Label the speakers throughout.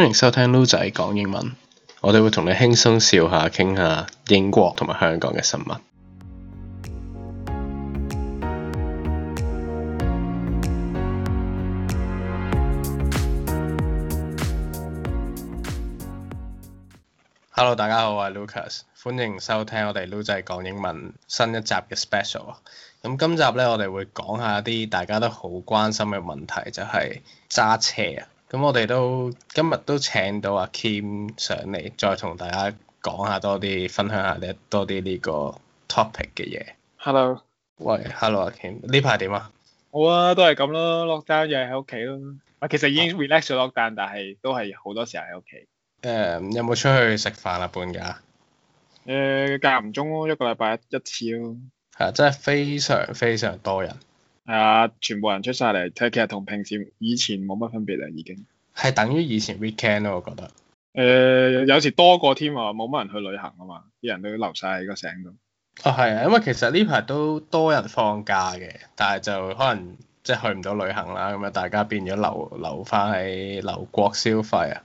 Speaker 1: 歡迎收聽 Lu 仔講英文，我哋會同你輕鬆笑下、傾下英國同埋香港嘅新聞。Hello，大家好，我係 Lucas。歡迎收聽我哋 Lu 仔講英文新一集嘅 Special 啊。咁、嗯、今集咧，我哋會講一下啲大家都好關心嘅問題，就係、是、揸車啊。咁我哋都今日都請到阿 Kim 上嚟，再同大家講下多啲，分享下咧多啲呢個 topic 嘅嘢 Hello.。Hello，喂，Hello 阿 Kim，呢排點啊？好
Speaker 2: 啊，都係咁咯，lockdown 又係喺屋企咯。啊，其實已經 relax 咗 lockdown、啊，但係都係好多時候喺屋企。
Speaker 1: 誒、嗯，有冇出去食飯啊？半假？
Speaker 2: 誒、呃，間唔中咯，一個禮拜一次咯。
Speaker 1: 係啊，真係非常非常多人。係啊，
Speaker 2: 全部人出晒嚟，睇其實同平時以前冇乜分別啦，已經。係等於以前
Speaker 1: weekend 咯，啊，我覺得。
Speaker 2: 誒、呃、有時多過添，冇乜人去旅行啊嘛，啲人都要留晒
Speaker 1: 喺個城度。哦，係啊，因為其實呢排都多人放假嘅，但係就可能即係、就是、去唔到旅行啦，咁啊大家變咗留留翻喺留，留國消費啊。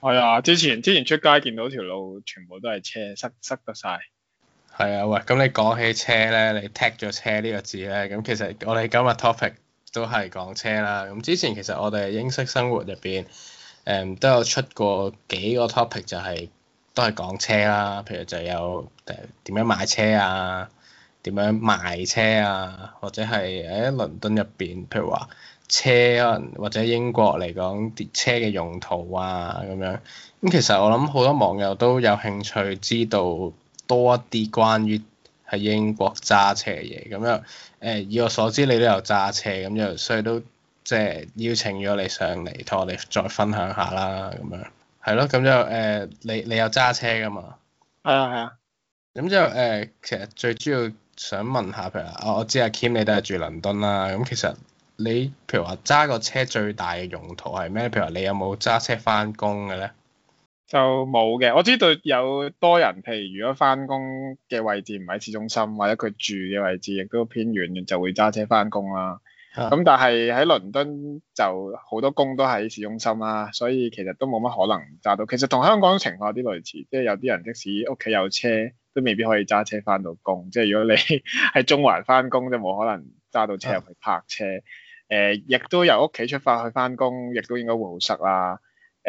Speaker 2: 係啊，哎，之前之前出街見到條路全部都係車塞塞得
Speaker 1: 晒。係啊，喂，咁你講起車咧，你踢咗車呢個字咧，咁其實我哋今日 topic。都係講車啦，咁之前其實我哋英式生活入邊，誒都有出過幾個 topic 就係都係講車啦，譬如就有誒點樣買車啊，點樣賣車啊，或者係喺倫敦入邊，譬如話車啊或者英國嚟講啲車嘅用途啊咁樣，咁其實我諗好多網友都有興趣知道多一啲關於。喺英國揸車嘅嘢咁樣，誒、呃、以我所知你都有揸車咁就，所以都即係、就是、邀請咗你上嚟，同我哋再分享下啦咁樣，係咯，咁就誒、呃、你你有揸車㗎嘛？係啊係啊。咁就後、呃、其實最主要想問下，譬如我我知阿 Kim 你都係住倫敦啦，咁其實你譬如話揸個車最大嘅用途係咩？譬如話你有冇揸車翻工嘅咧？
Speaker 2: 就冇嘅，我知道有多人，譬如如果翻工嘅位置唔喺市中心，或者佢住嘅位置亦都偏遠，就會揸車翻工啦。咁、啊嗯、但係喺倫敦就好多工都喺市中心啦，所以其實都冇乜可能揸到。其實同香港情況有啲類似，即係有啲人即使屋企有車，都未必可以揸車翻到工。即係如果你喺中環翻工，就冇可能揸到車入去泊車。誒、啊，亦、呃、都由屋企出發去翻工，亦都應該會好塞喇。誒，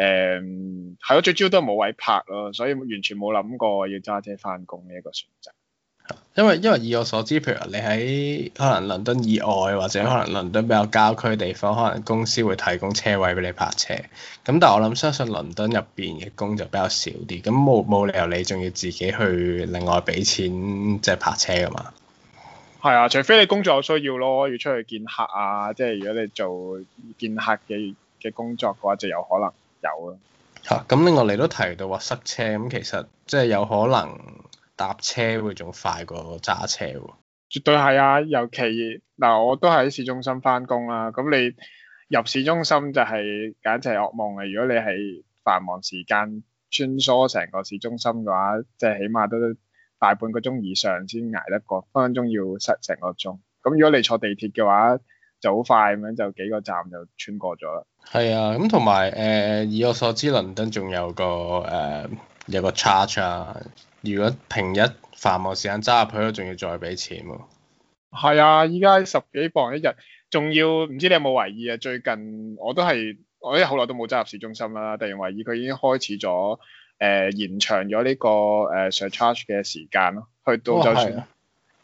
Speaker 2: 係咯、嗯，最主要都係冇位泊咯，所以完全冇諗過要揸車返工呢一個選擇。
Speaker 1: 因為因為以我所知，譬如你喺可能倫敦以外，或者可能倫敦比較郊區地方，可能公司會提供車位俾你泊車。咁但係我諗相信倫敦入邊嘅工就比較少啲，咁冇冇理由你仲要自己去另外俾錢即係、就是、泊車㗎嘛？
Speaker 2: 係啊，除非你工作有需要咯，要出去見客啊，即係如果你做見客嘅嘅工作嘅話，就有可能。
Speaker 1: 有啊，嚇！咁另外你都提到話塞車，咁其實即係有可能搭車會仲快過揸車喎。
Speaker 2: 絕對係啊，尤其嗱、啊，我都喺市中心翻工啦。咁你入市中心就係簡直噩夢啊。如果你係繁忙時間穿梭成個市中心嘅話，即係起碼都大半個鐘以上先捱得過，分分鐘要塞成個鐘。咁如果你坐地鐵嘅話，就好快咁樣就幾個站就穿過咗啦。
Speaker 1: 係啊，咁同埋誒以我所知，倫敦仲有個誒有個 charge 啊，如果平日繁忙時間揸入去都仲要再俾錢喎。
Speaker 2: 係啊，依家十幾磅一日，仲要唔知你有冇懷疑啊？最近我都係我因為好耐都冇揸入市中心啦，突然懷疑佢已經開始咗誒延長咗呢個誒上 charge 嘅時間咯，
Speaker 1: 去到就算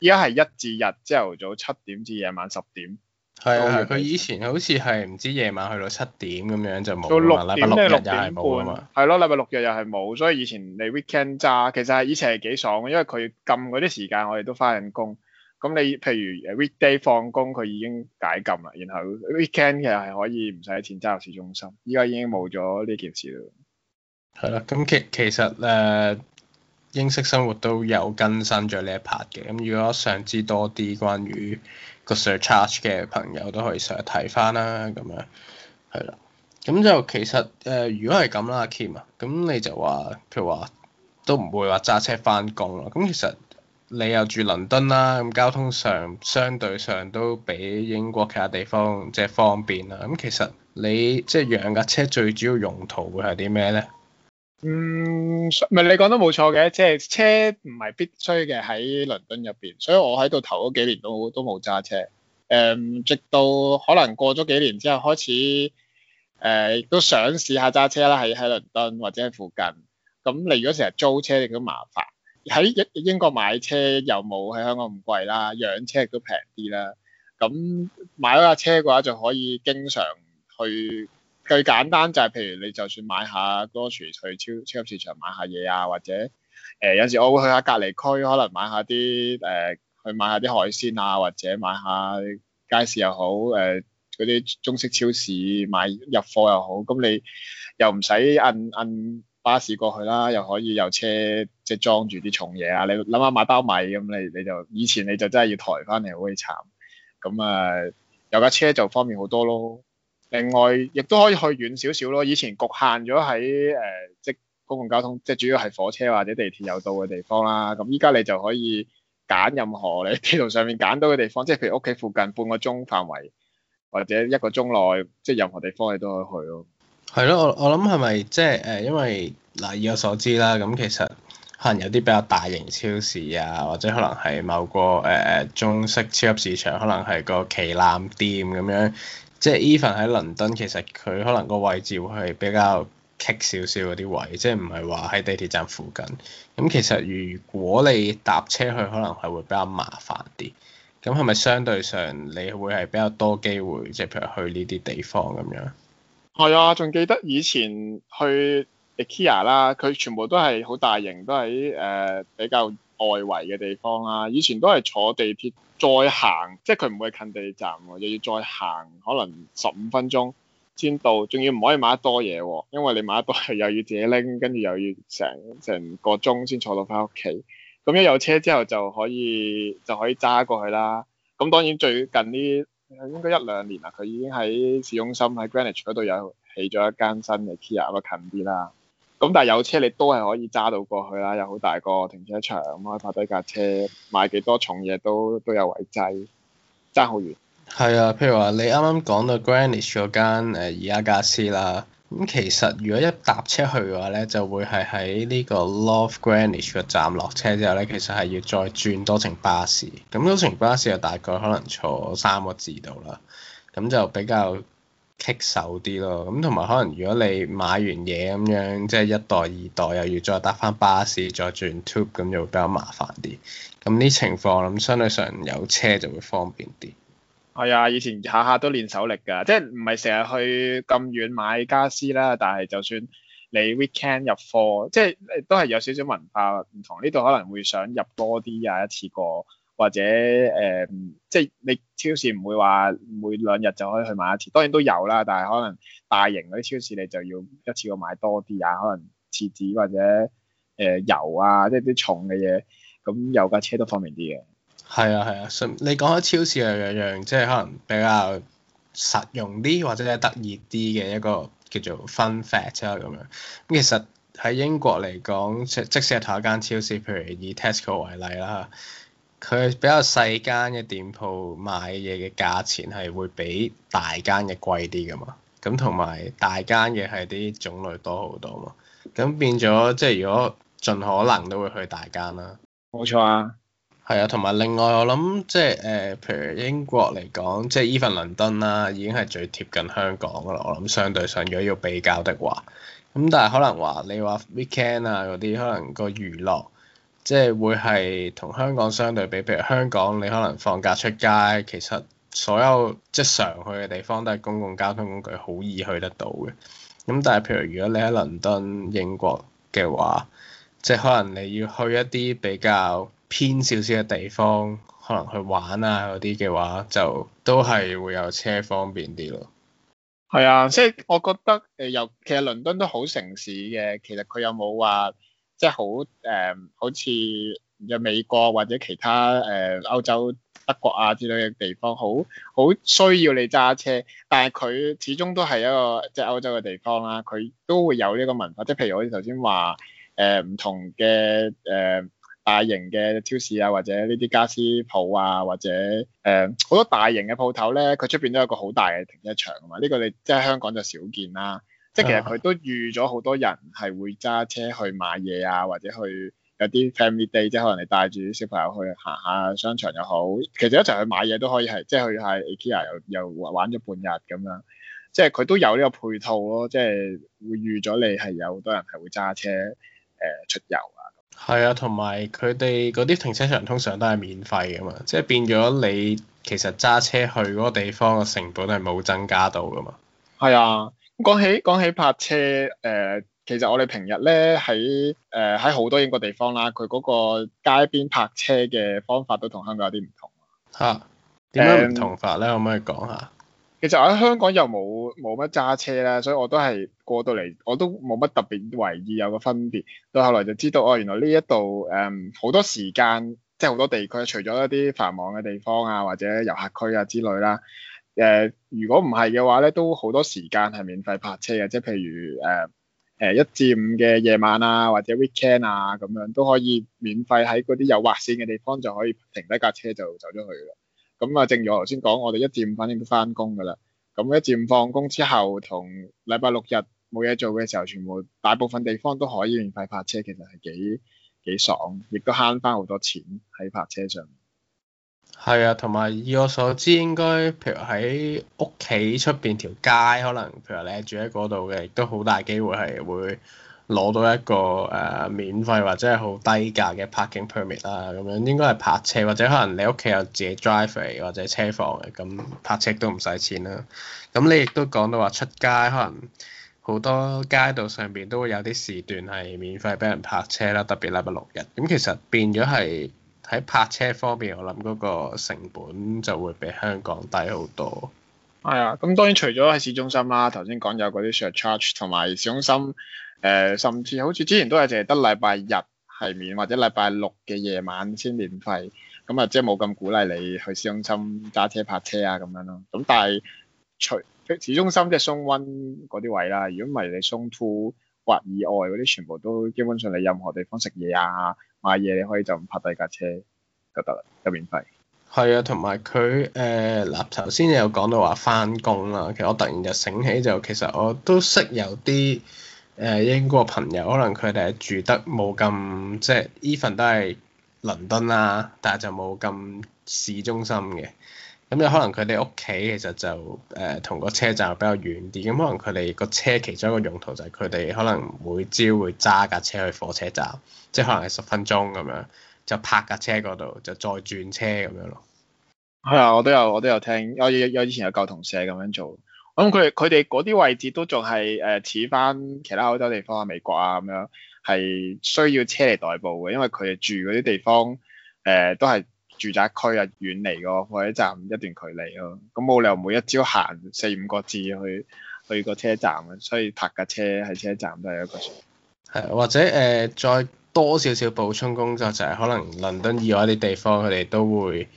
Speaker 2: 依家係一至日朝頭早七點至夜晚十點。
Speaker 1: 係啊，佢以前好似係唔知夜晚去到七點咁樣就冇，到禮拜六日又係冇啊
Speaker 2: 嘛。係咯，禮拜六日又係冇，所以以前你 weekend 揸其實係以前係幾爽嘅，因為佢禁嗰啲時間我哋都翻緊工。咁你譬如誒 weekday 放工，佢已經解禁啦，然後 weekend 其實係可以唔使錢揸入市中心。依家已經冇咗呢
Speaker 1: 件事咯。係啦，咁其其實誒、呃、英式生活都有更新咗呢一 part 嘅。咁如果想知多啲關於個 surcharge 嘅朋友都可以成日睇翻啦，咁樣係啦，咁就其實誒、呃，如果係咁啦，阿 Kim 啊，咁你就話，譬如話都唔會話揸車翻工咯，咁其實你又住倫敦啦，咁交通上相對上都比英國其他地方即係方便啦，咁其實你即係養架車最主要用途會係啲咩咧？
Speaker 2: 嗯，咪你講得冇錯嘅，即係車唔係必須嘅，喺倫敦入邊，所以我喺度頭嗰幾年都都冇揸車，誒、嗯，直到可能過咗幾年之後開始，誒、呃，都想試下揸車啦，喺喺倫敦或者喺附近。咁你如果成日租車亦都麻煩，喺英英國買車又冇喺香港咁貴啦，養車亦都平啲啦。咁買咗架車嘅話，就可以經常去。最簡單就係，譬如你就算買下多廚，多數去超超級市場買下嘢啊，或者誒、呃、有時我會去下隔離區，可能買下啲誒、呃、去買下啲海鮮啊，或者買下街市又好，誒嗰啲中式超市買入貨又好。咁、嗯、你又唔使摁摁巴士過去啦，又可以有車即係裝住啲重嘢啊。你諗下買包米咁、嗯，你你就以前你就真係要抬翻嚟好鬼慘。咁啊、嗯嗯、有架車就方便好多咯。另外，亦都可以去遠少少咯。以前局限咗喺誒，即公共交通，即主要係火車或者地鐵有到嘅地方啦。咁依家你就可以揀任何你地圖上面揀到嘅地方，即係譬如屋企附近半個鐘範圍或者一個鐘內，即任何地方你都可以去
Speaker 1: 咯。係咯，我我諗係咪即誒？因為嗱，以我所知啦，咁其實可能有啲比較大型超市啊，或者可能係某個誒誒、呃、中式超級市場，可能係個旗艦店咁樣。即係 even 喺倫敦，其實佢可能個位置會係比較棘少少嗰啲位，即係唔係話喺地鐵站附近。咁其實如果你搭車去，可能係會比較麻煩啲。咁係咪相對上你會係比較多機會，即係譬如去呢啲地方咁樣？
Speaker 2: 係啊，仲記得以前去 IKEA 啦，佢全部都係好大型，都係誒比較外圍嘅地方啦。以前都係坐地鐵。再行，即係佢唔會近地鐵站喎，又要再行可能十五分鐘先到，仲要唔可以買得多嘢喎，因為你買得多又要自己拎，跟住又要成成個鐘先坐到翻屋企。咁一有車之後就可以就可以揸過去啦。咁當然最近呢應該一兩年啦，佢已經喺市中心喺 Greenwich 嗰度有起咗一間新嘅 Kia，咁啊近啲啦。咁但係有車你都係可以揸到過去啦，有好大個停車場，咁可以泊低架車，買幾多重嘢都都有位擠，揸好遠。
Speaker 1: 係啊，譬如話你啱啱講到 Greenwich 嗰間誒宜家家私、呃、啦，咁其實如果一搭車去嘅話咧，就會係喺呢個 North Greenwich 個站落車之後咧，其實係要再轉多程巴士，咁多程巴士就大概可能坐三個字度啦，咁就比較。棘手啲咯，咁同埋可能如果你買完嘢咁樣，即係一袋二袋又要再搭返巴士，再轉 tube，咁就會比較麻煩啲。咁呢情況，咁相對上有車就會方便啲。
Speaker 2: 係啊，以前下下都練手力㗎，即係唔係成日去咁遠買傢俬啦。但係就算你 weekend 入貨，即係都係有少少文化唔同，呢度可能會想入多啲啊一次過。或者誒、嗯，即係你超市唔會話每兩日就可以去買一次，當然都有啦。但係可能大型嗰啲超市你就要一次過買多啲啊，可能廁紙或者誒、呃、油啊，即係啲重嘅嘢，咁有架車都方便啲嘅。
Speaker 1: 係啊係啊，你講開超市又樣樣，即係可能比較實用啲或者得意啲嘅一個叫做 fun fact 啊咁樣。咁其實喺英國嚟講，即使係同一間超市，譬如以 Tesco 為例啦。佢比較細間嘅店鋪買嘢嘅價錢係會比大間嘅貴啲噶嘛，咁同埋大間嘅係啲種類多好多嘛，咁變咗即係如果盡可能都會去大間啦。冇錯啊，係啊，同埋另外我諗即係誒，譬如英國嚟講，即係 even 倫敦啦、啊，已經係最貼近香港噶啦，我諗相對上如果要比較的話，咁但係可能話你話 weekend 啊嗰啲，可能個娛樂。即係會係同香港相對比，譬如香港你可能放假出街，其實所有即係常去嘅地方都係公共交通工具好易去得到嘅。咁但係譬如如果你喺倫敦英國嘅話，即係可能你要去一啲比較偏少少嘅地方，可能去玩啊嗰啲嘅話，就都係會有車方便啲咯。
Speaker 2: 係啊，即係我覺得誒，又其實倫敦都好城市嘅，其實佢有冇話。即係好誒，好似有美國或者其他誒、呃、歐洲德國啊之類嘅地方，好好需要你揸車。但係佢始終都係一個即係歐洲嘅地方啦、啊，佢都會有呢個文化。即係譬如我哋頭先話誒唔同嘅誒、呃、大型嘅超市啊，或者呢啲家私鋪啊，或者誒好、呃、多大型嘅鋪頭咧，佢出邊都有一個好大嘅停車場啊嘛。呢、呢個你即係香港就少見啦。即係其實佢都預咗好多人係會揸車去買嘢啊，或者去有啲 family day，即係可能你帶住啲小朋友去行下商場又好，其實一齊去買嘢都可以係，即係去下 IKEA 又又玩咗半日咁樣。即係佢都有呢個配套咯，即係會預咗
Speaker 1: 你係有好多人係會揸車誒、呃、出遊啊。係啊，同埋佢哋嗰啲停車場通常都係免費噶嘛，即係變咗你其實揸車去嗰個地方嘅成本係冇增加到噶嘛。
Speaker 2: 係啊。講起講起泊車誒、呃，其實我哋平日咧喺誒喺好多英國地方啦，佢嗰個街邊泊車嘅方法都同香港有啲唔同
Speaker 1: 啊。點樣唔同法咧？嗯、可唔可以
Speaker 2: 講下？其實我喺香港又冇冇乜揸車啦，所以我都係過到嚟，我都冇乜特別為意有個分別。到後來就知道哦，原來呢一度誒好多時間即係好多地區，除咗一啲繁忙嘅地方啊，或者遊客區啊之類啦。誒，如果唔係嘅話咧，都好多時間係免費泊車嘅，即係譬如誒誒、呃、一至五嘅夜晚啊，或者 weekend 啊咁樣都可以免費喺嗰啲有劃線嘅地方就可以停低架車就走咗去啦。咁、嗯、啊，正如我頭先講，我哋一至五反正都翻工噶啦，咁一至五放工之後同禮拜六日冇嘢做嘅時候，全部大部分地方都可以免費泊車，其實係幾幾爽，亦都慳翻好多
Speaker 1: 錢喺泊車上。係啊，同埋以我所知，應該譬如喺屋企出邊條街，可能譬如你住喺嗰度嘅，亦都好大機會係會攞到一個誒、呃、免費或者係好低價嘅 parking permit 啦，咁樣應該係泊車，或者可能你屋企有自己 driveway 或者車房嘅，咁泊車都唔使錢啦。咁你亦都講到話出街，可能好多街道上邊都會有啲時段係免費俾人泊車啦，特別禮拜六日。咁其實變咗係。喺泊車方面，我諗嗰個成本就會比香港低好多。
Speaker 2: 係啊、哎，咁當然除咗喺市中心啦、啊，頭先講有嗰啲 surcharge 同埋市中心，誒、呃、甚至好似之前都係淨係得禮拜日係免或者禮拜六嘅夜晚先免費，咁啊即係冇咁鼓勵你去市中心揸車泊車啊咁樣咯。咁但係除市中心即係 zone one 嗰啲位啦，如果唔係你 zone two 或以外嗰啲，全部都基本上你任何地方食嘢啊～買嘢你可以就唔泊第二架車就得啦，就免費。
Speaker 1: 係啊，同埋佢誒嗱，頭先你有講到話翻工啦，其實我突然就醒起就其實我都識有啲誒、呃、英國朋友，可能佢哋係住得冇咁即係 even 都係倫敦啦，但係就冇咁市中心嘅。咁有、嗯、可能佢哋屋企其實就誒同個車站比較遠啲，咁、嗯、可能佢哋個車其中一個用途就係佢哋可能每朝會揸架車去火車站，即係可能係十分鐘咁樣，就泊架車嗰度就再轉車咁樣咯。
Speaker 2: 係啊，我都有我都有聽，我以前有舊同事係咁樣做，咁佢佢哋嗰啲位置都仲係誒似翻其他好多地方啊、美國啊咁樣，係需要車嚟代步嘅，因為佢哋住嗰啲地方誒、呃、都係。住宅區啊，遠離個火車站一段距離咯、啊，咁、嗯、冇理由每一朝行四五個字去去個車站啊，所以泊架車喺車站
Speaker 1: 都係一個選。或者誒、呃，再多少少補充工作就係、是、可能倫敦以外啲地方，佢哋都會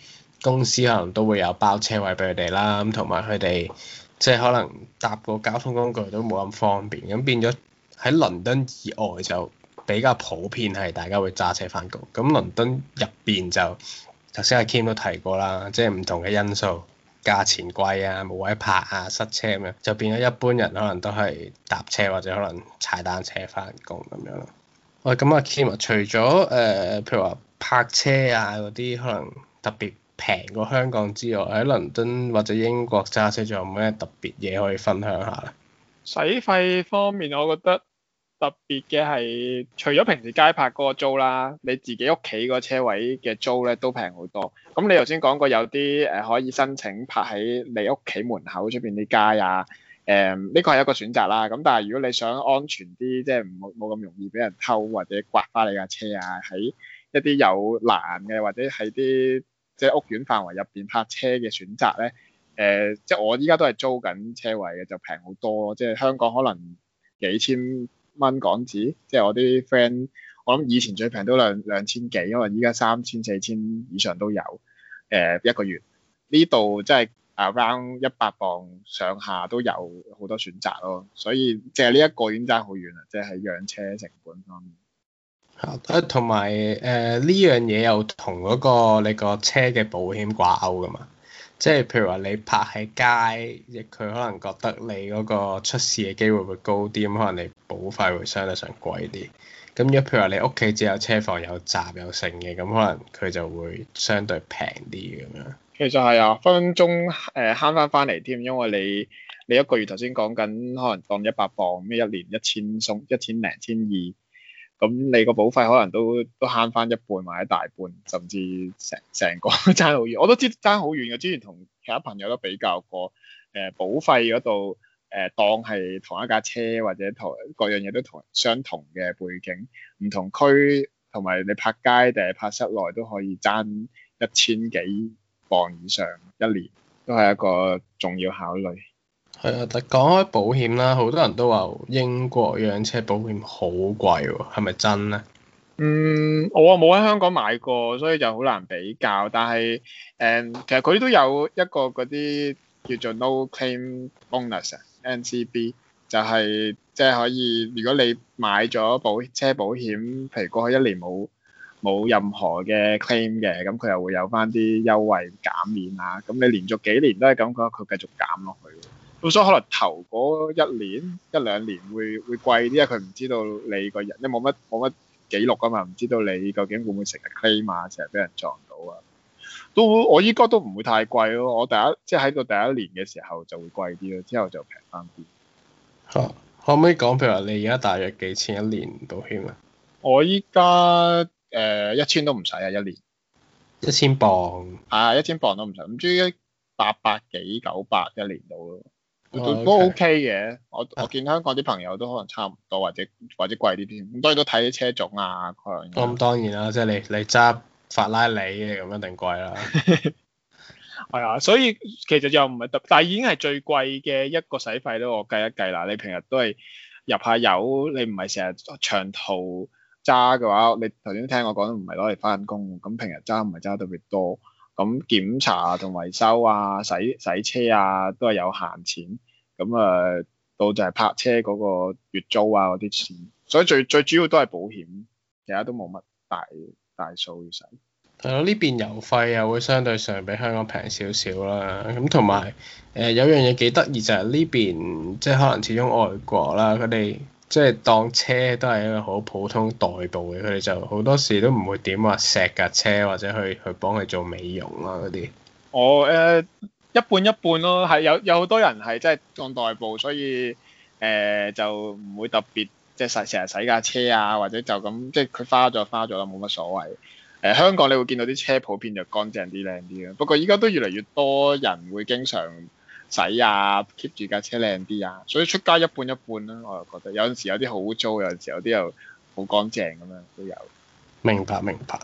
Speaker 1: 公司可能都會有包車位俾佢哋啦，咁同埋佢哋即係可能搭個交通工具都冇咁方便，咁變咗喺倫敦以外就比較普遍係大家會揸車返工，咁倫敦入邊就。頭先阿 Kim 都提過啦，即係唔同嘅因素，價錢貴啊，冇位泊啊，塞車咁、啊、樣，就變咗一般人可能都係搭車或者可能踩單車返工咁樣咯。喂、嗯，咁阿 Kim 啊，Kim，除咗誒、呃、譬如話泊車啊嗰啲，可能特別平過香港之外，喺倫敦或者英國揸車仲有冇咩特別嘢可以分享下咧？
Speaker 2: 使費方面，我覺得。特別嘅係，除咗平時街拍嗰個租啦，你自己屋企嗰個車位嘅租咧都平好多。咁你頭先講過有啲誒可以申請泊喺你屋企門口出邊啲街啊，誒呢個係一個選擇啦。咁但係如果你想安全啲，即係唔冇冇咁容易俾人偷或者刮花你架車啊，喺一啲有欄嘅或者喺啲即係屋苑範圍入邊泊車嘅選擇咧，誒、嗯、即係我依家都係租緊車位嘅，就平好多咯。即係香港可能幾千蚊港紙，即係我啲 friend，我諗以前最平都兩兩千幾，因為依家三千四千以上都有，誒、呃、一個月，呢度即係 around 一百磅上下都有好多選擇咯，所以即係呢一個已經差好遠啦，即係喺養車成本方
Speaker 1: 面。吓，同埋誒呢樣嘢又同嗰、嗰個你個車嘅保險掛鈎噶嘛？即係譬如話你泊喺街，亦佢可能覺得你嗰個出事嘅機會會高啲，咁可能你保費會相對上貴啲。咁如果譬如話你屋企只有車房有閘有剩嘅，咁可能佢就會相對平啲咁樣。
Speaker 2: 其實係啊，分分鐘誒慳返返嚟添，因為你你一個月頭先講緊可能當一百磅，咩一年一千鬆一千零千二。咁你個保費可能都都慳翻一半，或者大半，甚至成成個都爭好遠。我都知爭好遠嘅，之前同其他朋友都比較過。誒、呃、保費嗰度誒當係同一架車或者同各樣嘢都同相同嘅背景，唔同區同埋你泊街定係泊室內都可以爭一千幾磅以上一年，都係一個
Speaker 1: 重要考慮。係啊，但講開保險啦，好多人都話英國養車保險好貴，係咪真
Speaker 2: 咧？嗯，我冇喺香港買過，所以就好難比較。但係誒、嗯，其實佢都有一個嗰啲叫做 no claim bonus 啊 （NCB），就係即係可以，如果你買咗保車保險，譬如過去一年冇冇任何嘅 claim 嘅，咁佢又會有翻啲優惠減免啊。咁你連續幾年都係咁，佢佢繼續減落去。咁所以可能頭嗰一年一兩年會會貴啲，因佢唔知道你個人，因為冇乜冇乜記錄啊嘛，唔知道你究竟會唔會成日 claim 嘛，成日俾人撞到啊。都我依家都唔會太貴咯，我第一即係喺個第一年嘅
Speaker 1: 時候就會貴啲咯，之後就平翻啲。嚇，可唔可以講譬如話你而家大約幾錢一年到險、呃、啊？我依家誒一千都唔使啊一年。一千磅。
Speaker 2: 啊，一千磅都唔使，唔知八百幾九百一年
Speaker 1: 到咯。都、哦、OK
Speaker 2: 嘅，我我見香港啲朋友都可能差唔多，或者或者貴啲啲，咁所以都睇啲車種啊嗰樣嘢。咁
Speaker 1: 當然啦，即係你你揸
Speaker 2: 法拉利嘅咁一定貴啦。係 啊，所以其實又唔係特，但係已經係最貴嘅一個使費啦。我計一計啦，你平日都係入下油，你唔係成日長途揸嘅話，你頭先聽我講唔係攞嚟翻工，咁平日揸唔係揸特別多。咁檢查同維修啊，洗洗車啊，都係有閒錢。咁、嗯、啊，到就係泊車嗰個月租啊，嗰啲錢。所以最最主要都係保險，其他都冇乜大大數要使。
Speaker 1: 係咯，呢邊油費又會相對上比香港平少少啦。咁同埋誒有樣嘢幾得意就係呢邊，即係可能始終外國啦，佢哋。即係當車都係一個好普通代步嘅，佢哋就好多時都唔會點話錫架車或者去去幫佢做美容啦嗰啲。哦，
Speaker 2: 誒、呃、一半一半咯，係有有好多人係即係當代步，所以誒、呃、就唔會特別即係成日洗架車啊，或者就咁即係佢花咗花咗啦，冇乜所謂。誒、呃、香港你會見到啲車普遍就乾淨啲靚啲嘅，不過依家都越嚟越多人會經常。仔啊，keep 住架車靚啲啊，所以出街一半一半啦、啊。我又覺得有陣時有啲好污
Speaker 1: 糟，有陣時有啲又好乾淨咁、啊、樣都有。明白明白。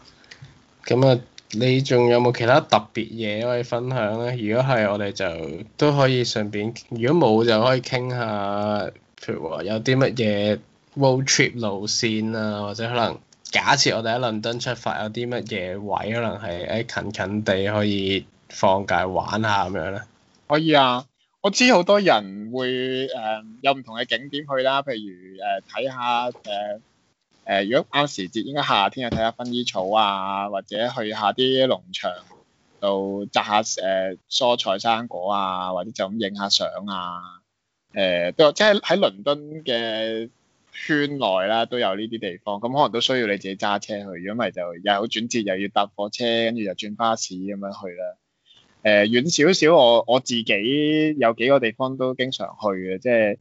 Speaker 1: 咁啊，你仲有冇其他特別嘢可以分享咧？如果係，我哋就都可以順便。如果冇，就可以傾下，譬如話有啲乜嘢 road trip 路線啊，或者可能假設我哋喺倫敦出發，有啲乜嘢位可能係誒近近地可以放假玩下咁樣咧。可以啊，我知好多人
Speaker 2: 會誒、呃、有唔同嘅景點去啦，譬如誒睇下誒誒，如果啱時節應該夏天就睇下薰衣草啊，或者去下啲農場度摘下誒蔬菜生果啊，或者就咁影下相啊。誒、呃、都即係喺倫敦嘅圈內啦，都有呢啲地方，咁可能都需要你自己揸車去，如果唔係就又轉折又要搭火車，跟住又轉巴士咁樣去啦。誒、呃、遠少少，我我自己有幾個地方都經常去嘅，即係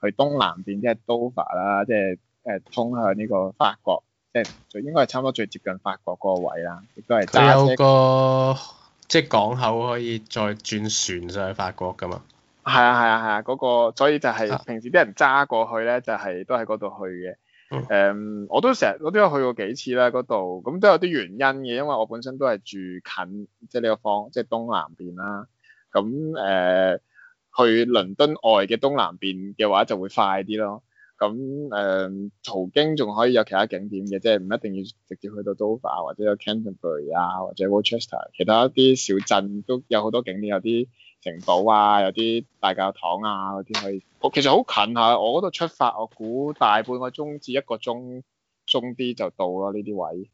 Speaker 2: 去東南邊即阿 Dover 啦，即係誒通向呢個法國，即係最應該係差唔多最接近法國嗰個位啦，亦都
Speaker 1: 係，揸個即係港口可以再轉船上去法國噶嘛？
Speaker 2: 係啊係啊係啊，嗰、啊啊那個所以就係平時啲人揸過去咧，就係、是、都喺嗰度去嘅。誒、um，我都成日我都有去過幾次啦，嗰度咁都有啲原因嘅，因為我本身都係住近，即係呢個方，即、就、係、是、東南邊啦，啊。咁誒、呃，去倫敦外嘅東南邊嘅話就會快啲咯。咁誒，途經仲可以有其他景點嘅，即係唔一定要直接去到 Dover 啊，或者有 Canterbury 啊，或者 Worcester，其他啲小鎮都有好多景點，有啲。城堡啊，有啲大教堂啊，嗰啲可以，其實好近嚇、啊。我嗰度出發，我估大半個鐘至一個鐘鐘啲就到咯。呢啲位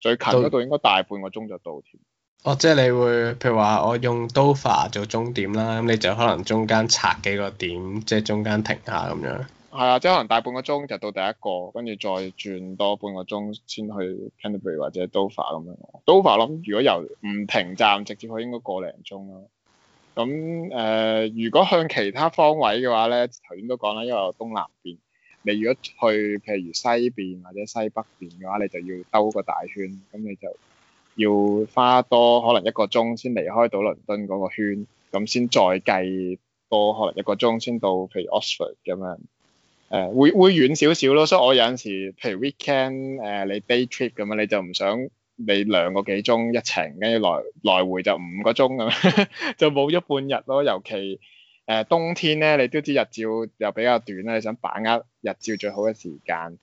Speaker 2: 最近嗰度應該大半個鐘就到添。
Speaker 1: 哦，即係你會，譬如話我用 Dover 做終點啦，咁你就可能中間拆幾個點，即係中間停下咁樣。
Speaker 2: 係啊，即係可能大半個鐘就到第一個，跟住再轉多半個鐘先去 Canterbury 或者 Dover 咁樣。Dover、哦、如果由唔停站直接去，應該過個零鐘咯。咁誒、呃，如果向其他方位嘅話咧，頭先都講啦，因為我東南邊。你如果去譬如西邊或者西北邊嘅話，你就要兜個大圈，咁你就要花多可能一個鐘先離開到倫敦嗰個圈，咁先再計多可能一個鐘先到譬如 Oxford 咁樣。誒、呃，會會遠少少咯，所以我有陣時譬如 weekend 誒、呃，你 day trip 咁樣，你就唔想。你兩個幾鐘一程，跟住來來回就五個鐘咁， 就冇一半日咯。尤其誒、呃、冬天咧，你都知日照又比較短啦，你想把握日照最好嘅時間，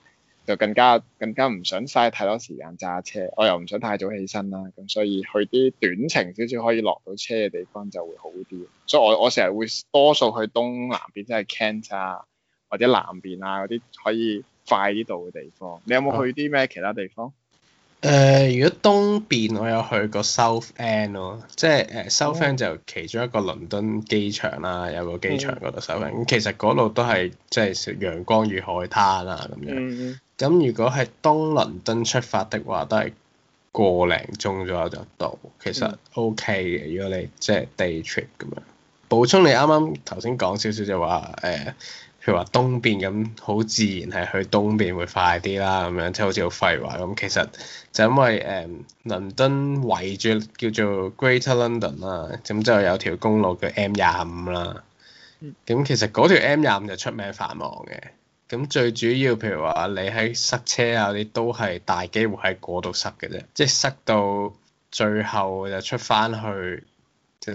Speaker 2: 就更加更加唔想嘥太多時間揸車。我又唔想太早起身啦，咁所以去啲短程少少可以落到車嘅地方就會好啲。所以我我成日會多數去東南邊，即係 Kent 啊，或者南邊啊嗰啲可以
Speaker 1: 快啲到嘅地方。你有冇去啲咩其他地方？嗯誒、呃，如果東邊我有去過 Southend 咯、哦，即、就、係、是、誒 Southend 就其中一個倫敦機場啦、啊，有個機場嗰度 Southend，mm hmm. 其實嗰度都係即係陽光與海灘啊咁樣。咁、mm hmm. 如果係東倫敦出發的話，都係個零鐘左右就到，其實 OK 嘅。Mm hmm. 如果你即係 day trip 咁樣，補充你啱啱頭先講少少就話誒。呃譬如話東邊咁好自然係去東邊會快啲啦，咁樣即係好似好廢話咁。其實就因為誒、嗯、倫敦圍住叫做 Greater London 啦，咁就有條公路叫 M 廿五啦。咁其實嗰條 M 廿五就出名繁忙嘅。咁最主要譬如話你喺塞車啊，你都係大機會喺嗰度塞嘅啫，即係塞到最後就出翻去。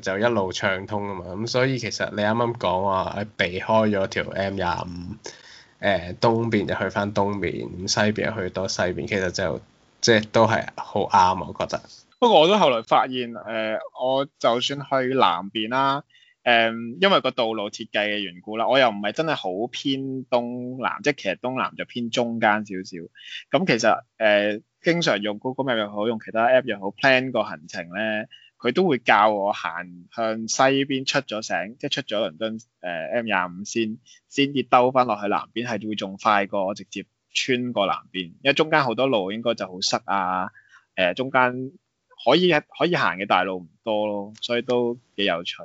Speaker 1: 就一路暢通啊嘛，咁所以其實你啱啱講話避開咗條 M 廿五，誒東邊就去翻東邊，咁西邊又去到西邊，其實就即係、就是、都係好啱，我覺得。
Speaker 2: 不過我都後來發現，誒、呃、我就算去南邊啦，誒、呃、因為個道路設計嘅緣故啦，我又唔係真係好偏東南，即係其實東南就偏中間少少。咁其實誒、呃，經常用 Google Map 又好，用其他 App 又好 plan 個行程咧。佢都會教我行向西邊出咗城，即係出咗倫敦，誒 M 廿五先，先至兜翻落去南邊，係會仲快過我直接穿過南邊，因為中間好多路應該就好塞啊。誒、呃，中間可以可以行嘅大路唔多咯，所以都幾有趣。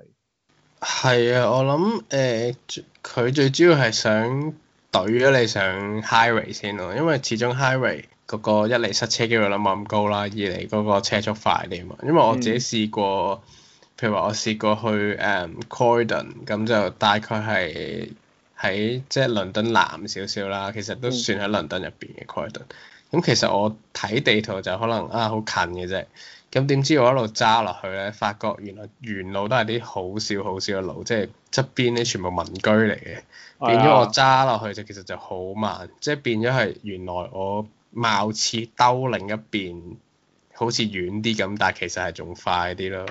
Speaker 1: 係啊，我諗誒，佢、呃、最主要係想懟咗你上 highway 先咯，因為始終 highway。嗰個一嚟塞車機會冇咁高啦，二嚟嗰個車速快啲嘛。因為我自己試過，嗯、譬如話我試過去誒 c o d o n t 咁就大概係喺即係倫敦南少少啦，其實都算喺倫敦入邊嘅 c o d o n t 咁其實我睇地圖就可能啊好近嘅啫，咁點知我一路揸落去咧，發覺原來沿路都係啲好少好少嘅路，即係側邊啲全部民居嚟嘅，變咗我揸落去就其實就好慢，即係、嗯、變咗係原來我。貌似兜另一邊好似遠啲咁，但係其實係仲快啲咯。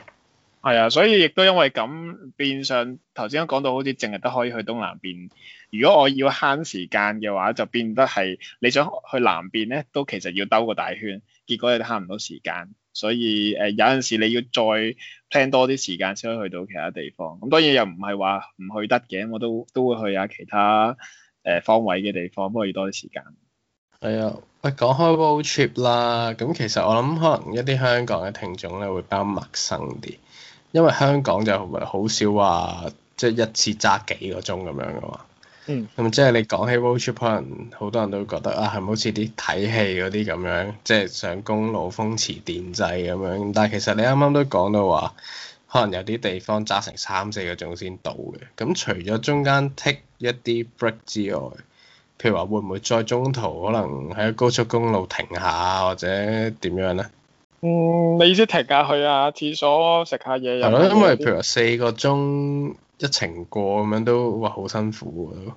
Speaker 2: 係啊，所以亦都因為咁變相，頭先講到，好似淨係得可以去東南邊。如果我要慳時間嘅話，就變得係你想去南邊咧，都其實要兜個大圈，結果你都慳唔到時間。所以誒、呃，有陣時你要再 plan 多啲時間先可以去到其他地方。咁當然又唔係話唔去得嘅，我都都會去下其他誒、呃、方位嘅地方，不過要多啲時間。
Speaker 1: 係啊，喂、哎，講開 road trip 啦，咁其實我諗可能一啲香港嘅聽眾咧會比較陌生啲，因為香港就好少話即係一次揸幾個鐘咁樣嘅嘛。嗯。咁即係你講起 road trip，可能好多人都覺得啊，係咪好似啲睇戲嗰啲咁樣，即係上公路風馳電掣咁樣？但係其實你啱啱都講到話，可能有啲地方揸成三四個鐘先到嘅。咁除咗中間 take 一啲 break 之外。譬如話會唔會再中途可能喺高速公路停下或者點樣咧？嗯，你意
Speaker 2: 思停下去啊，廁所食下嘢。係咯、嗯，因為譬如話
Speaker 1: 四個鐘一程過咁樣都哇好辛苦啊！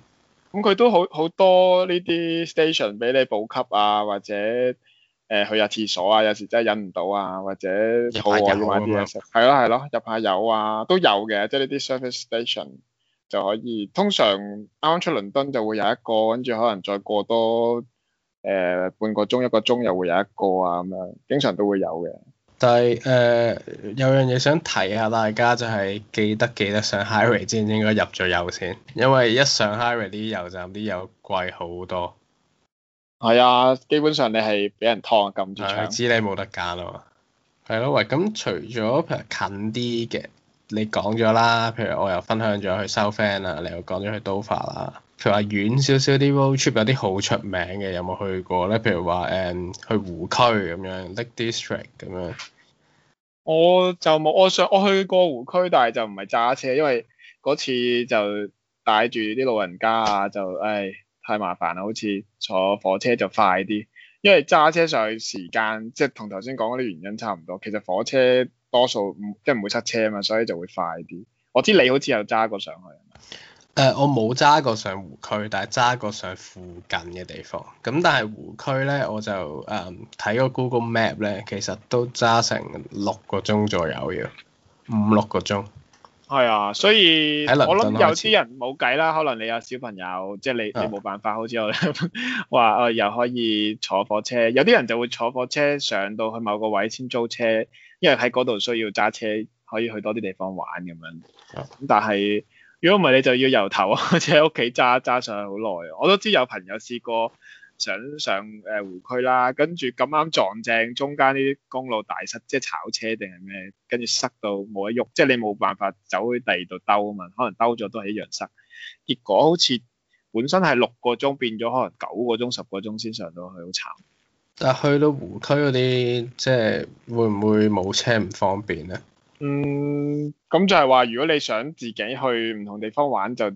Speaker 2: 咁佢、嗯、都好好多呢啲 station 俾你補給啊，或者誒、呃、去下廁所啊，有時真係忍唔到啊，或者入下油啊，要買啲嘢食。係咯係咯，入下油啊，都有嘅，即係呢啲 service station。就可以，通常啱啱出倫敦就會有一個，跟住可能再過多誒、呃、半個鐘，一個鐘又會有一個啊咁樣，經常都會有嘅。
Speaker 1: 但係誒、呃、有樣嘢想提下大家就係、是、記得記得上 Highway 先，前應該入咗油先，因為一上 Highway 啲油站啲油貴好多。係啊、嗯哎，基本上你係俾人拖咁，禁住、哎、知你冇得揀啊嘛。係咯，喂，咁除咗譬如近啲嘅。你講咗啦，譬如我又分享咗去 Southend 啊，你又講咗去 Dover 啦。譬如話遠少少啲 road trip 有啲好出名嘅，有冇去過咧？譬如話誒去湖區咁樣 Lake District 咁樣。
Speaker 2: 我就冇，我想我去過湖區，但係就唔係揸車，因為嗰次就帶住啲老人家啊，就唉太麻煩啦，好似坐火車就快啲。因為揸車上去時間即係同頭先講嗰啲原因差唔多，其實火車多數即係唔會塞車啊嘛，所以就會快啲。我知你好似有揸過上去。誒、
Speaker 1: 呃，我冇揸過上湖區，但係揸過上附近嘅地方。咁但係湖區咧，我就誒睇、呃、個 Google Map 咧，其實都揸成六個鐘左右，要五六個鐘。
Speaker 2: 係啊，所以我諗有啲人冇計啦，可能你有小朋友，即係你你冇辦法。好似我話，我又可以坐火車。有啲人就會坐火車上到去某個位先租車，因為喺嗰度需要揸車，可以去多啲地方玩咁樣。
Speaker 1: 咁
Speaker 2: 但係如果唔係，你就要由頭喺屋企揸揸上去好耐。我都知有朋友試過。想上誒湖區啦，跟住咁啱撞正中間呢啲公路大塞，即係炒車定係咩？跟住塞到冇得喐，即係你冇辦法走去第二度兜啊嘛，可能兜咗都係一樣塞。結果好似本身係六個鐘變咗可能九個鐘十個鐘先上到去，好
Speaker 1: 慘。但係去到湖區嗰啲，即係會唔會冇車唔方便咧？嗯，
Speaker 2: 咁就係話如果你想自己去唔同地方玩，就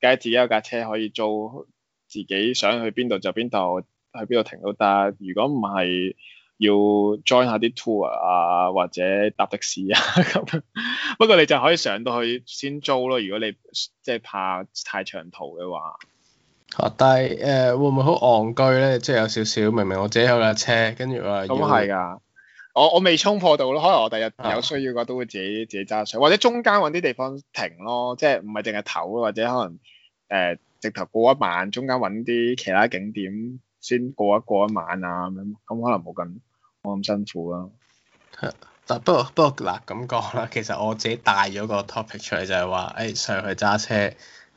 Speaker 2: 梗係自己有架車可以租。自己想去邊度就邊度，去邊度停都得。如果唔係要 join 下啲 tour 啊，或
Speaker 1: 者搭的士啊咁。
Speaker 2: 不過你就可以上到去先租咯。如果你即係怕太長途嘅話，
Speaker 1: 嚇、啊！但係誒、呃、會唔會好戇居咧？即係有少少。明明我自己有架車，跟住我要都係㗎。
Speaker 2: 我我未衝破到咯。可能我第日有需要嘅、啊、都會自己自己揸車，或者中間搵啲地方停咯。即係唔係淨係唞，或者可能誒。呃呃直頭過一晚，中間搵啲其他景點先過一過一晚啊，咁咁可能冇咁冇咁辛苦啦。
Speaker 1: 不過不過嗱，咁講啦，其實我自己帶咗個 topic 出嚟就係話，誒、哎、上去揸車，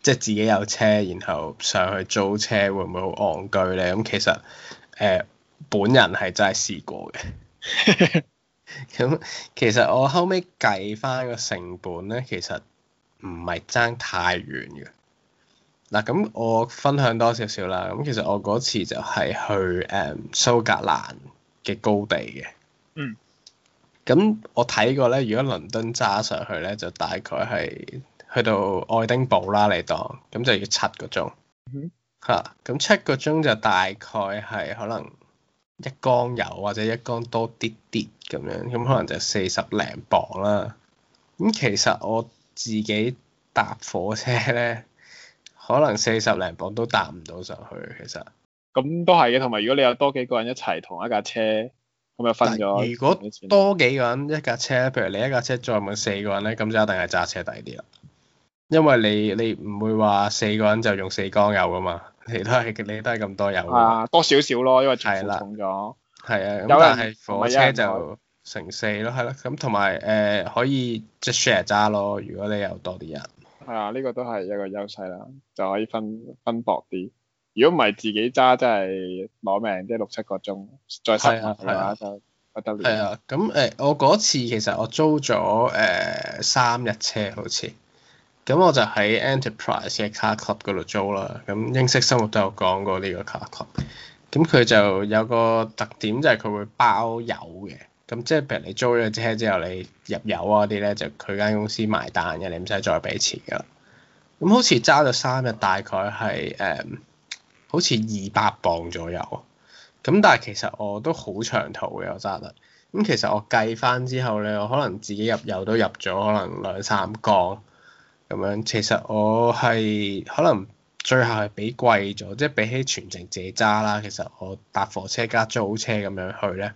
Speaker 1: 即係自己有車，然後上去租車會唔會好戇居咧？咁、嗯、其實誒、呃、本人係真係試過嘅。咁其實我後尾計翻個成本咧，其實唔係爭太遠嘅。嗱咁，我分享多少少啦。咁其實我嗰次就係去誒、um, 蘇格蘭嘅高地嘅。嗯。咁我睇過咧，如果倫敦揸上去咧，就大概係去到愛丁堡啦，你當咁就要七個鐘。嗯。嚇！咁七個鐘就大概係可能一缸油或者一缸多啲啲咁樣，咁可能就四十零磅啦。咁其實我自己搭火車咧。可能四十零磅都搭唔到上去，其實咁都係嘅。同埋如果你有多幾個人一齊同一架車，咁咪分咗。如果多幾個人一架車，譬如你一架車載唔夠四個人咧，咁就一定係揸車抵啲啦。因為你你唔會話四個人就用四缸油噶嘛，你都係你都係咁多油啊，多少少咯，
Speaker 2: 因為重重咗。
Speaker 1: 係啊，咁但係火車就乘四咯，係咯。咁同埋誒可以即 share 揸咯，如果你有多啲人。
Speaker 2: 啊，呢、這個都係一個優勢啦，就可以分分薄啲。如果唔係自己揸，真係
Speaker 1: 攞命，即係六七個鐘，
Speaker 2: 再塞下埋一身，我得。係啊，
Speaker 1: 咁誒、啊，啊啊、那我嗰次其實我租咗誒、呃、三日車好，好似咁我就喺 Enterprise 嘅 Car Club 嗰度租啦。咁英式生活都有講過呢個 Car Club，咁佢就有個特點就係佢會包油嘅。咁即係譬如你租咗車之後，你入油嗰啲咧，就佢間公司埋單嘅，你唔使再俾錢噶啦。咁好似揸咗三日，大概係誒，um, 好似二百磅左右。咁但係其實我都好長途嘅，我揸得。咁其實我計翻之後咧，我可能自己入油都入咗可能兩三缸咁樣。其實我係可能最後係俾貴咗，即係比起全程自己揸啦。其實我搭火車加租車咁樣去咧，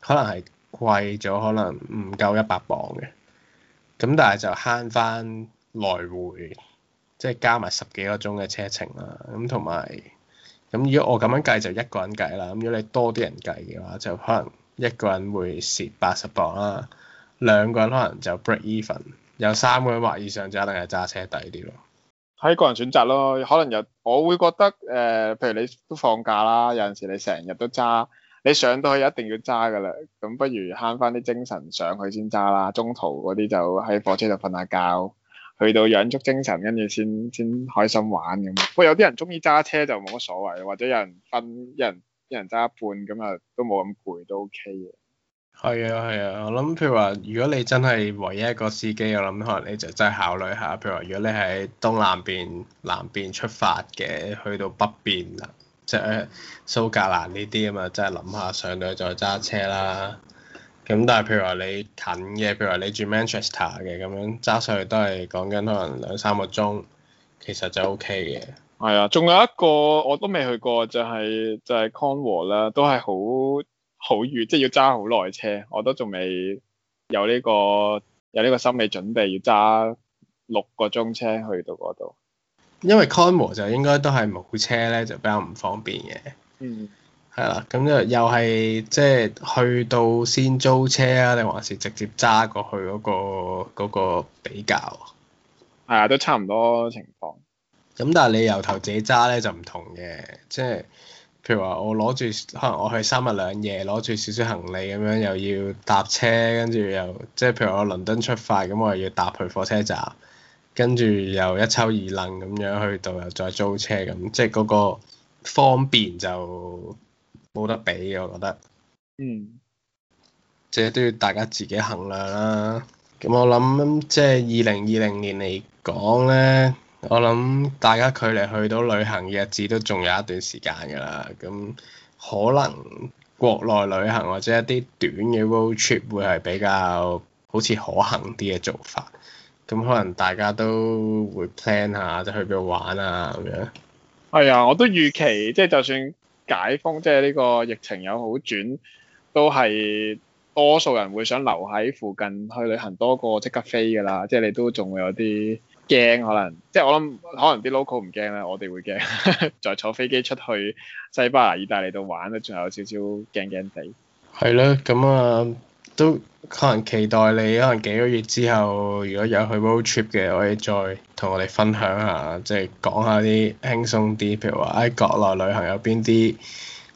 Speaker 1: 可能係貴咗可能唔夠一百磅嘅，咁但係就慳翻來回，即係加埋十幾個鐘嘅車程啦，咁同埋，咁如果我咁樣計就一個人計啦，咁如果你多啲人計嘅話，就可能一個人會蝕八十磅啦，兩個人可能就 break even，有三個人或以上就一定係揸車抵啲咯。
Speaker 2: 睇個人選擇咯，可能有我會覺得誒、呃，譬如你都放假啦，有陣時你成日都揸。你上到去一定要揸噶啦，咁不如慳翻啲精神上去先揸啦，中途嗰啲就喺火車度瞓下覺，去到養足精神，跟住先先開心玩咁。不過有啲人中意揸車就冇乜所謂，或者有人分一人一人揸一半，咁啊都冇咁攰都 OK
Speaker 1: 嘅。係啊係啊，我諗譬如話，如果你真係唯一一個司機，我諗可能你就真係考慮下，譬如話如果你喺東南邊南邊出發嘅，去到北邊啦。即係蘇格蘭呢啲啊嘛，即係諗下上到去再揸車啦。咁但係譬如話你近嘅，譬如話你住 Manchester 嘅咁樣，揸上去都係講緊可能兩三個鐘，其實就 OK 嘅。
Speaker 2: 係啊，仲有一個我都未去過就係、是、就係 Cornwall 啦，都係好好遠，即係、就是、要揸好耐車。我都仲未有呢、這個有呢個心理準備，要揸六個鐘車去到嗰
Speaker 1: 度。因為 Conway 就應該都係冇車咧，就比較唔方便嘅。嗯，係啦，咁又又係即係去到先租車啊，定還是直接揸過去嗰個嗰個比較？係啊，都差唔多情況。咁但係你由頭自己揸咧就唔同嘅，即係譬如話我攞住可能我去三日兩夜，攞住少少行李咁樣又要搭車，跟住又即係譬如我倫敦出發，咁我又要搭去火車站。跟住又一抽二掕咁樣去到又再租車咁，即係嗰個方便就冇得比嘅，我覺得。嗯。即係都要大家自己衡量啦。咁我諗即係二零二零年嚟講咧，我諗大家距離去到旅行嘅日子都仲有一段時間㗎啦。咁可能國內旅行或者一啲短嘅 road trip 會係比較好似可行啲嘅做法。咁可能大家都會 plan 下，即去邊度玩啊咁樣。
Speaker 2: 係啊，我都預期，即係就算解封，即係呢個疫情有好轉，都係多數人會想留喺附近去旅行多過即刻飛嘅啦。即係你都仲會有啲驚，可能即係我諗，可能啲 local 唔驚啦，我哋會驚， 再坐飛機出去西班牙、意大利度玩咧，仲有少少驚驚地。
Speaker 1: 係啦，咁啊。都可能期待你可能幾個月之後，如果有去 road trip 嘅，可以再同我哋分享下，即係講下啲輕鬆啲，譬如話喺國內旅行有邊啲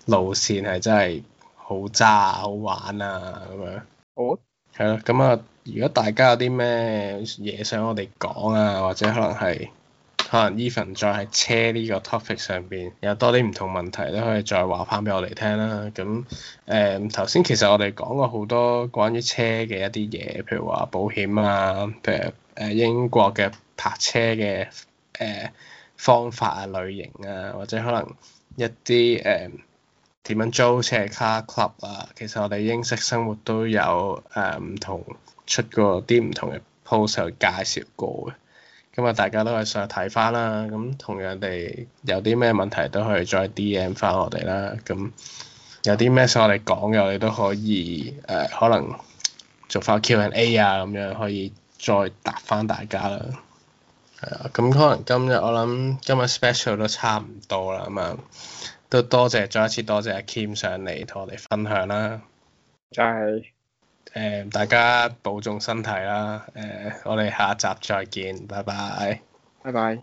Speaker 1: 路線係真係好渣、好玩啊咁樣。哦。Oh. 係啦，咁啊，如果大家有啲咩嘢想我哋講啊，或者可能係。可能 even 再喺車呢個 topic 上邊，有多啲唔同問題咧，可以再話翻俾我哋聽啦。咁誒頭先其實我哋講過好多關於車嘅一啲嘢，譬如話保險啊，譬如誒英國嘅泊車嘅誒、呃、方法啊、類型啊，或者可能一啲誒點樣租車 car club 啊。其實我哋英式生活都有誒唔同出過啲唔同嘅 post 去介紹過嘅。今日大家都上去上睇翻啦。咁同樣地，有啲咩問題都可以再 D.M. 翻我哋啦。咁有啲咩想我哋講嘅，我哋都可以誒、呃，可能做翻 Q&A 啊，咁樣可以再答翻大家啦。係啊，咁可能今日我諗今日 special 都差唔多啦嘛，都多謝再一次多謝阿 Kim 上嚟同我哋分享啦。再～誒大家保重身體啦！誒、呃、我哋下一集再見，拜拜，拜拜。